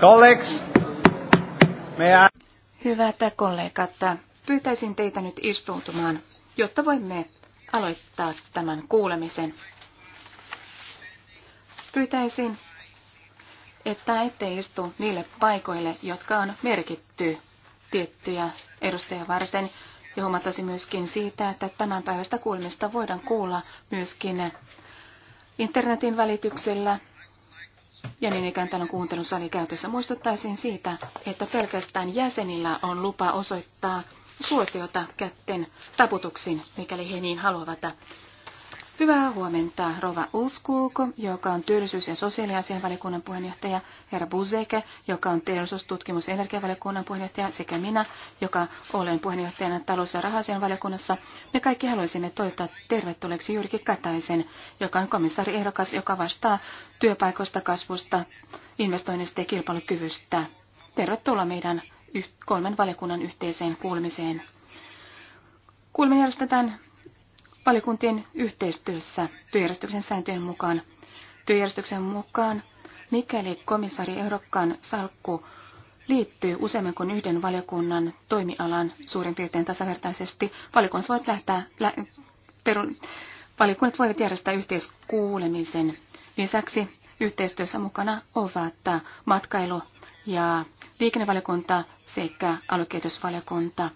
Colleagues, Hyvät kollegat, pyytäisin teitä nyt istuutumaan, jotta voimme aloittaa tämän kuulemisen. Pyytäisin, että ette istu niille paikoille, jotka on merkitty tiettyjä edustajia varten. Ja huomattaisin myöskin siitä, että tämän päivästä kuulemista voidaan kuulla myöskin internetin välityksellä ja niin ikään tämän kuuntelun sali käytössä muistuttaisin siitä, että pelkästään jäsenillä on lupa osoittaa suosiota kätten taputuksin, mikäli he niin haluavat. Hyvää huomenta, Rova Ulskuuko, joka on työllisyys- ja sosiaaliasianvaliokunnan puheenjohtaja, herra Buzeke, joka on teollisuustutkimus- ja energiavaliokunnan puheenjohtaja, sekä minä, joka olen puheenjohtajana talous- ja rahasianvaliokunnassa. Me kaikki haluaisimme toivottaa tervetulleeksi Jyrki Kataisen, joka on komissaariehdokas, joka vastaa työpaikoista, kasvusta, investoinnista ja kilpailukyvystä. Tervetuloa meidän kolmen valiokunnan yhteiseen kuulemiseen. Kuulemme järjestetään valikuntien yhteistyössä työjärjestyksen sääntöjen mukaan. Työjärjestyksen mukaan, mikäli komissaari ehdokkaan salkku liittyy useamman kuin yhden valiokunnan toimialan suurin piirtein tasavertaisesti, valiokunnat voivat, lähtää, lä, peru, valiokunnat voivat järjestää yhteiskuulemisen. Lisäksi yhteistyössä mukana ovat matkailu- ja liikennevaliokunta sekä aluekehitysvaliokunta.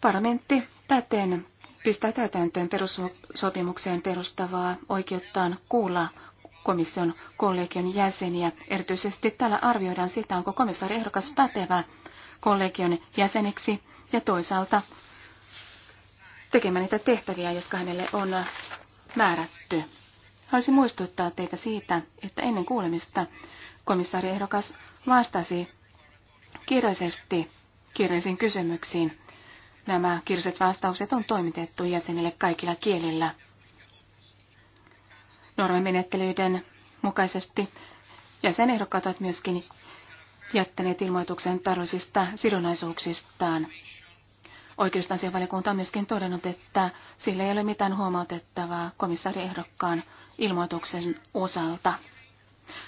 Parlamentti täten pistää täytäntöön perussopimukseen perustavaa oikeuttaan kuulla komission kollegion jäseniä. Erityisesti täällä arvioidaan sitä, onko komissaari ehdokas pätevä kollegion jäseneksi ja toisaalta tekemään niitä tehtäviä, jotka hänelle on määrätty. Haluaisin muistuttaa teitä siitä, että ennen kuulemista komissaari ehdokas vastasi kirjallisesti kirjallisiin kysymyksiin Nämä kirjalliset vastaukset on toimitettu jäsenille kaikilla kielillä. Normimenettelyiden mukaisesti jäsenehdokkaat ovat myöskin jättäneet ilmoituksen taloudellisista sidonnaisuuksistaan. Oikeustansiovaliokunta on myöskin todennut, että sillä ei ole mitään huomautettavaa komissaariehdokkaan ilmoituksen osalta.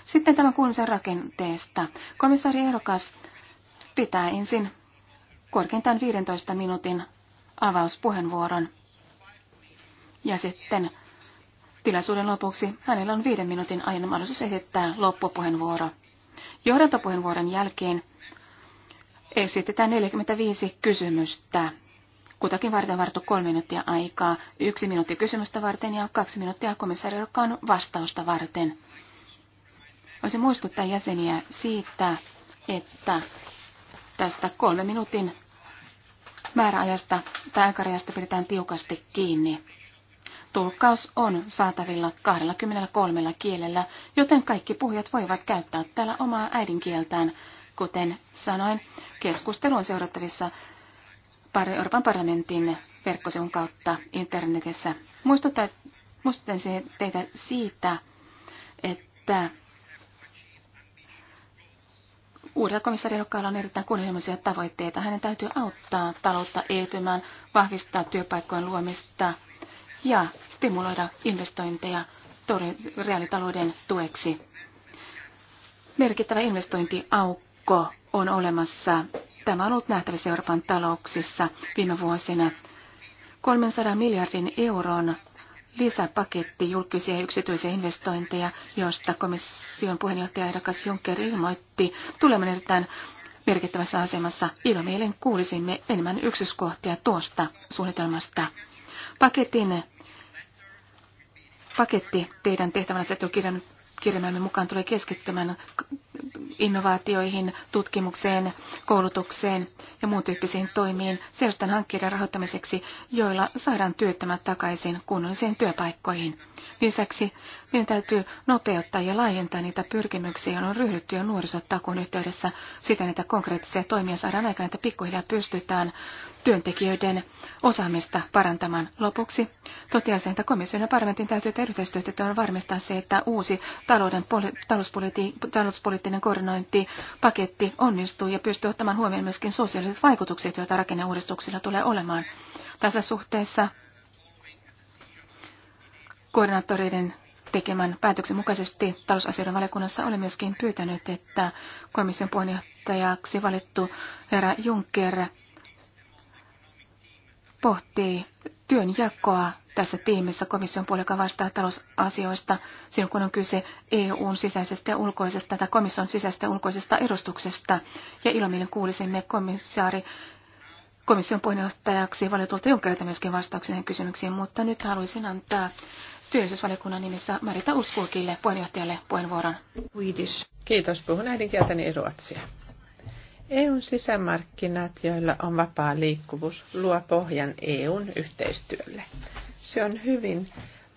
Sitten tämä kuulumisen rakenteesta. Komissaariehdokas pitää ensin korkeintaan 15 minuutin avauspuheenvuoron. Ja sitten tilaisuuden lopuksi hänellä on viiden minuutin ajan mahdollisuus esittää loppupuheenvuoro. Johdantopuheenvuoron jälkeen esitetään 45 kysymystä. Kutakin varten vartu kolme minuuttia aikaa, yksi minuutti kysymystä varten ja kaksi minuuttia komissaariorkaan vastausta varten. Voisin muistuttaa jäseniä siitä, että tästä kolme minuutin määräajasta tai aikarajasta pidetään tiukasti kiinni. Tulkkaus on saatavilla 23 kielellä, joten kaikki puhujat voivat käyttää täällä omaa äidinkieltään. Kuten sanoin, keskustelu on seurattavissa Euroopan parlamentin verkkosivun kautta internetissä. Muistutan teitä siitä, että Uudella komissaariehdokkaalla on erittäin kunnianhimoisia tavoitteita. Hänen täytyy auttaa taloutta elpymään, vahvistaa työpaikkojen luomista ja stimuloida investointeja reaalitalouden tueksi. Merkittävä investointiaukko on olemassa. Tämä on ollut nähtävissä Euroopan talouksissa viime vuosina. 300 miljardin euron lisäpaketti julkisia ja yksityisiä investointeja, josta komission puheenjohtaja ehdokas Juncker ilmoitti tulevan erittäin merkittävässä asemassa. Ilomielen kuulisimme enemmän yksityiskohtia tuosta suunnitelmasta. Paketin, paketti teidän tehtävänä se kirjan, mukaan tulee keskittymään innovaatioihin, tutkimukseen, koulutukseen ja muun tyyppisiin toimiin sellaisten hankkeiden rahoittamiseksi, joilla saadaan työttömät takaisin kunnollisiin työpaikkoihin. Lisäksi meidän täytyy nopeuttaa ja laajentaa niitä pyrkimyksiä, joilla on ryhdytty jo nuorisotakuun yhteydessä siten, että konkreettisia toimia saadaan aikaan, että pikkuhiljaa pystytään työntekijöiden osaamista parantamaan. Lopuksi toteaisin, että komission ja parlamentin täytyy tehdä yhteistyötä varmistaa se, että uusi talouden, talouspoliittinen poliittinen koordinointipaketti onnistuu ja pystyy ottamaan huomioon myöskin sosiaaliset vaikutukset, joita rakenneuudistuksilla tulee olemaan. Tässä suhteessa koordinaattoreiden tekemän päätöksen mukaisesti talousasioiden valiokunnassa oli myöskin pyytänyt, että komission puheenjohtajaksi valittu herra Juncker pohtii työnjakoa tässä tiimissä komission puolella, joka vastaa talousasioista silloin, kun on kyse EUn sisäisestä ja ulkoisesta tai komission sisäisestä ja ulkoisesta edustuksesta. Ja ilomielin kuulisimme komissaari komission puheenjohtajaksi valiotulta Junckerilta myöskin vastauksen kysymyksiin, mutta nyt haluaisin antaa työllisyysvaliokunnan nimissä Marita Ulskuukille puheenjohtajalle puheenvuoron. Kiitos. Puhun äidinkieltäni ruotsia. EUn sisämarkkinat, joilla on vapaa liikkuvuus, luo pohjan EUn yhteistyölle. Se on hyvin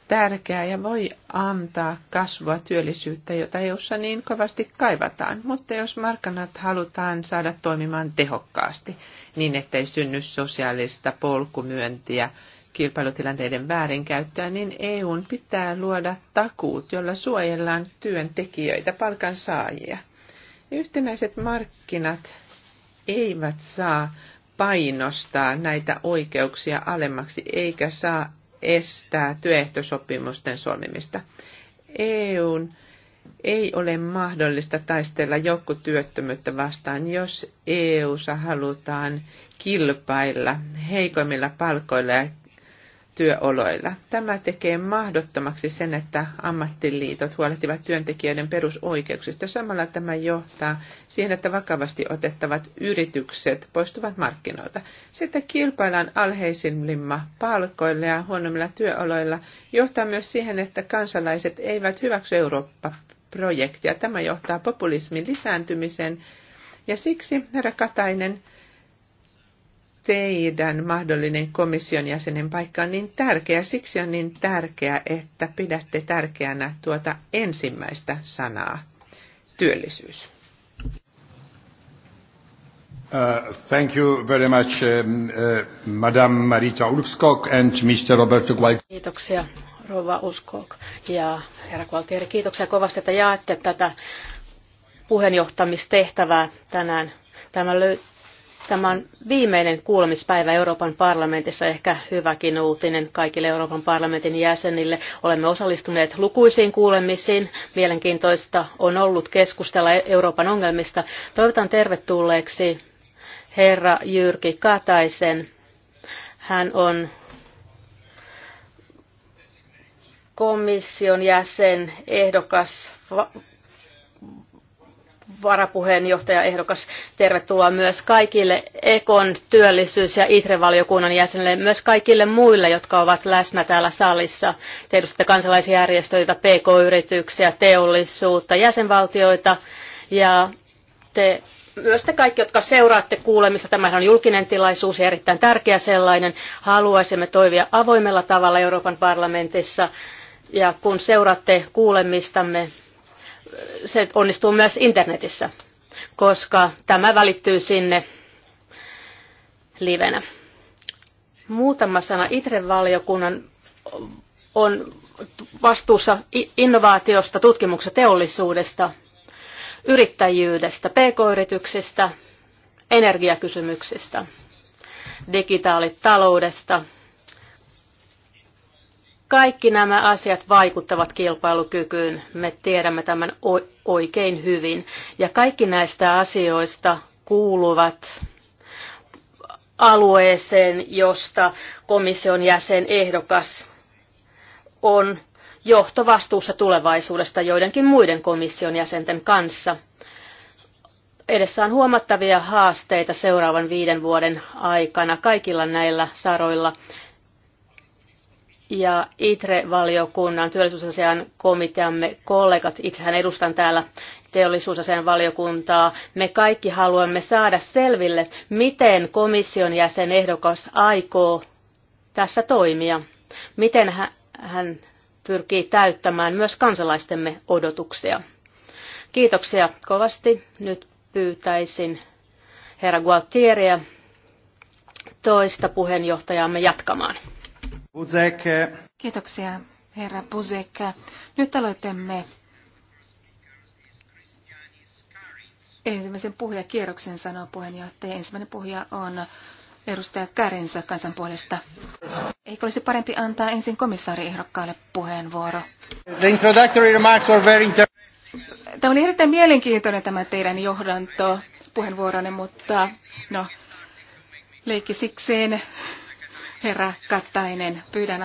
tärkeää ja voi antaa kasvua työllisyyttä, jota EUssa niin kovasti kaivataan. Mutta jos markkinat halutaan saada toimimaan tehokkaasti, niin ettei synny sosiaalista polkumyöntiä, kilpailutilanteiden väärinkäyttöä, niin EUn pitää luoda takuut, joilla suojellaan työntekijöitä, palkansaajia. Yhtenäiset markkinat eivät saa painostaa näitä oikeuksia alemmaksi eikä saa estää työehtosopimusten solmimista. EUn ei ole mahdollista taistella joku työttömyyttä vastaan, jos EUssa halutaan kilpailla heikoimmilla palkoilla ja työoloilla. Tämä tekee mahdottomaksi sen, että ammattiliitot huolehtivat työntekijöiden perusoikeuksista. Samalla tämä johtaa siihen, että vakavasti otettavat yritykset poistuvat markkinoilta. Sitten kilpaillaan alheisimmilla palkoilla ja huonommilla työoloilla johtaa myös siihen, että kansalaiset eivät hyväksy Eurooppa-projektia. Tämä johtaa populismin lisääntymiseen ja siksi, herra Katainen, teidän mahdollinen komission jäsenen paikka on niin tärkeä. Siksi on niin tärkeää, että pidätte tärkeänä tuota ensimmäistä sanaa, työllisyys. Uh, thank you very much, um, uh, Madame Marita Ulfskog and Mr. Robert Gual. Kiitoksia, Rova Uskok ja herra Gualtieri. Kiitoksia kovasti, että jaatte tätä puheenjohtamistehtävää tänään. Tämä löytyy Tämä on viimeinen kuulemispäivä Euroopan parlamentissa, ehkä hyväkin uutinen kaikille Euroopan parlamentin jäsenille. Olemme osallistuneet lukuisiin kuulemisiin. Mielenkiintoista on ollut keskustella Euroopan ongelmista. Toivotan tervetulleeksi herra Jyrki Kataisen. Hän on komission jäsen, ehdokas varapuheenjohtaja Tervetuloa myös kaikille Ekon työllisyys- ja ITRE-valiokunnan jäsenille, myös kaikille muille, jotka ovat läsnä täällä salissa. Te edustatte kansalaisjärjestöitä, PK-yrityksiä, teollisuutta, jäsenvaltioita ja te myös te kaikki, jotka seuraatte kuulemista, tämä on julkinen tilaisuus ja erittäin tärkeä sellainen. Haluaisimme toivia avoimella tavalla Euroopan parlamentissa. Ja kun seuraatte kuulemistamme, se onnistuu myös internetissä, koska tämä välittyy sinne livenä. Muutama sana itre valiokunnan on vastuussa innovaatiosta, tutkimuksesta, teollisuudesta, yrittäjyydestä, pk-yrityksistä, energiakysymyksistä, digitaalitaloudesta, kaikki nämä asiat vaikuttavat kilpailukykyyn. Me tiedämme tämän oikein hyvin. Ja kaikki näistä asioista kuuluvat alueeseen, josta komission jäsen ehdokas on johtovastuussa tulevaisuudesta joidenkin muiden komission jäsenten kanssa. Edessä on huomattavia haasteita seuraavan viiden vuoden aikana kaikilla näillä saroilla ja ITRE-valiokunnan työllisyysasian komiteamme kollegat, itsehän edustan täällä teollisuusasian valiokuntaa, me kaikki haluamme saada selville, miten komission jäsen ehdokas aikoo tässä toimia, miten hän pyrkii täyttämään myös kansalaistemme odotuksia. Kiitoksia kovasti. Nyt pyytäisin herra Gualtieriä toista puheenjohtajamme jatkamaan. Buzek. Kiitoksia, herra Buzek. Nyt aloitamme ensimmäisen puhujakierroksen, sanoo puheenjohtaja. Ensimmäinen puhuja on edustaja Kärensä kansan puolesta. Eikö olisi parempi antaa ensin komissaariehdokkaalle puheenvuoro? The introductory remarks were very Tämä oli erittäin mielenkiintoinen tämä teidän johdanto puheenvuoronne, mutta no, leikki sikseen. Herra Kattainen, pyydän